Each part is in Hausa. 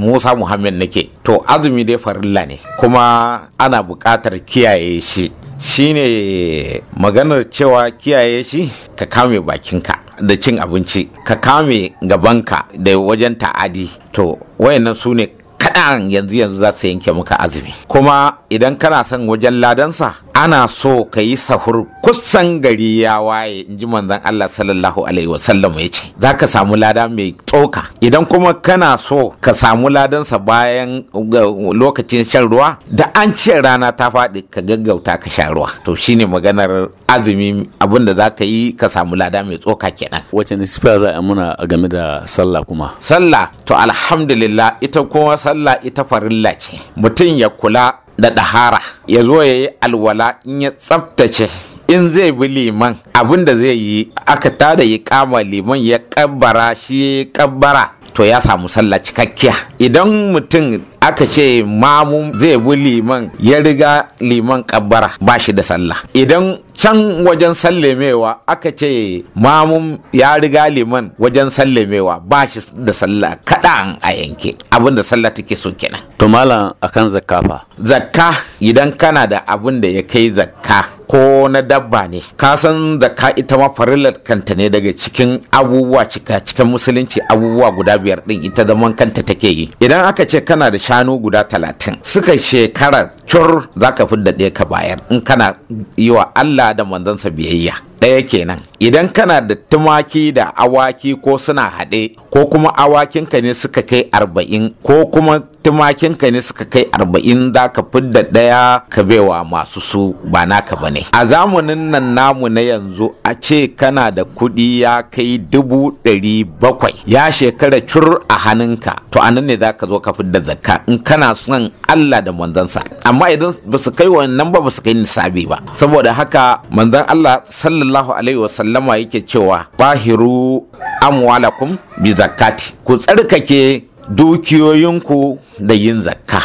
Musa Muhammad nake to azumi dai farilla ne kuma ana buƙatar kiyaye shi shine maganar cewa kiyaye shi ka kame bakinka da cin abinci ka kame gabanka da wajen ta'adi to wayannan su ne kaɗan yanzu yanzu za su yanke maka azumi kuma idan kana son wajen ladansa ana so ka yi sahur kusan gari ya waye in ji manzan Allah sallallahu alaihi wasallam ya ce za ka samu lada mai tsoka idan kuma kana so ka samu ladansa bayan lokacin shan ruwa da an ce rana ta faɗi ka gaggauta ka sha ruwa to shine maganar azumi abin da za ka yi ka samu lada mai tsoka kenan wace sifa za a muna game da sallah kuma sallah to alhamdulillah ita kuma sallah ita farilla ce mutum ya kula da ɗahara ya zo ya yi alwala in ya tsaftace in zai bi liman abin da zai yi aka tada ya kama liman ya kabbara shi kabbara to ya samu sallah cikakkiya idan mutum aka ce mamun zai bi liman ya riga liman kabbara ba shi da sallah idan can wajen sallamewa aka ce mamun ya riga liman wajen sallamewa ba shi da sallah kaɗan a yanke abin da sallah take so kenan to malam akan zakka fa zakka idan kana da abin da ya kai zakka ko na dabba ne ka san zakka ita ma farillar kanta ne daga cikin abubuwa cika cikin musulunci abubuwa guda biyar din ita zaman kanta take yi idan aka ce kana da shanu guda talatin suka shekara cur za ka fidda ɗaya ka bayar in kana yi wa Allah da manzansa biyayya ɗaya kenan idan kana da tumaki da awaki ko suna haɗe ko kuma awakinka ne suka kai arba'in ko kuma Tumakin ka ne suka kai arba'in za ka fidda ɗaya ka baiwa masu su ba naka ba ne a zamanin nan namu na yanzu a ce kana da kuɗi ya kai dubu ɗari bakwai ya shekara cur a hannunka to a nan ne za ka zo ka fidda zakka in kana son Allah da manzansa amma idan ba su kai wannan ba ba su kai nisabi ba saboda haka manzan Allah sallallahu alaihi wasallama yake cewa bahiru amwalakum bi zakati ku tsarkake dukiyoyinku da yin zakka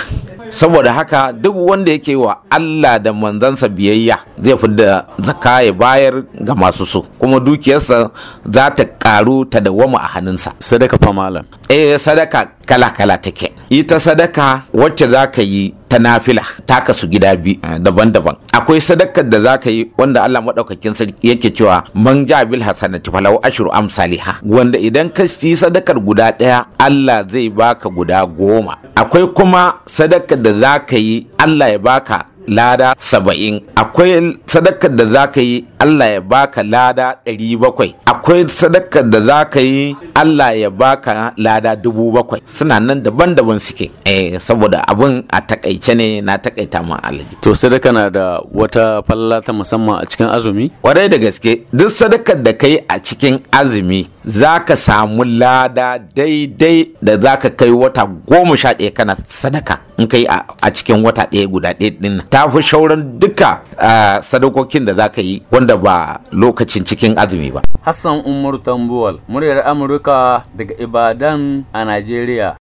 saboda haka duk wanda yake wa Allah da manzansa biyayya zai fi da zakka ya bayar ga masu so kuma dukiyarsa za ta karu ta dawama a hannunsa sadaka fa malam eh sadaka kala-kala take ita sadaka wacce za ka yi ta nafila ta kasu gida bi eh, daban-daban akwai sadakar da za ka yi wanda Allah maɗaukakin sarki yake cewa man ja bil hasanati falau ashru amsaliha wanda idan ka yi sadakar guda ɗaya Allah zai baka guda goma akwai kuma sadakar da za ka yi Allah ya baka lada saba'in akwai sadakar da za ka yi allah ya baka lada ɗari bakwai akwai sadakar da za ka yi allah ya baka lada dubu bakwai suna nan daban-daban suke eh saboda abin a takaice ne na takaita ma alaji to sadaka na da wata falla ta musamman a cikin azumi kwarai da gaske duk sadakar da ka yi a cikin azumi za ka samu lada daidai da za ka kai wata goma sha ɗaya kana sadaka in kai a cikin wata ɗaya guda ɗaya ɗin ta fi shauran duka sadakokin da za ka yi wanda ba lokacin cikin azumi ba. Hassan Umar Tambuwal, muryar Amurka daga Ibadan a Najeriya.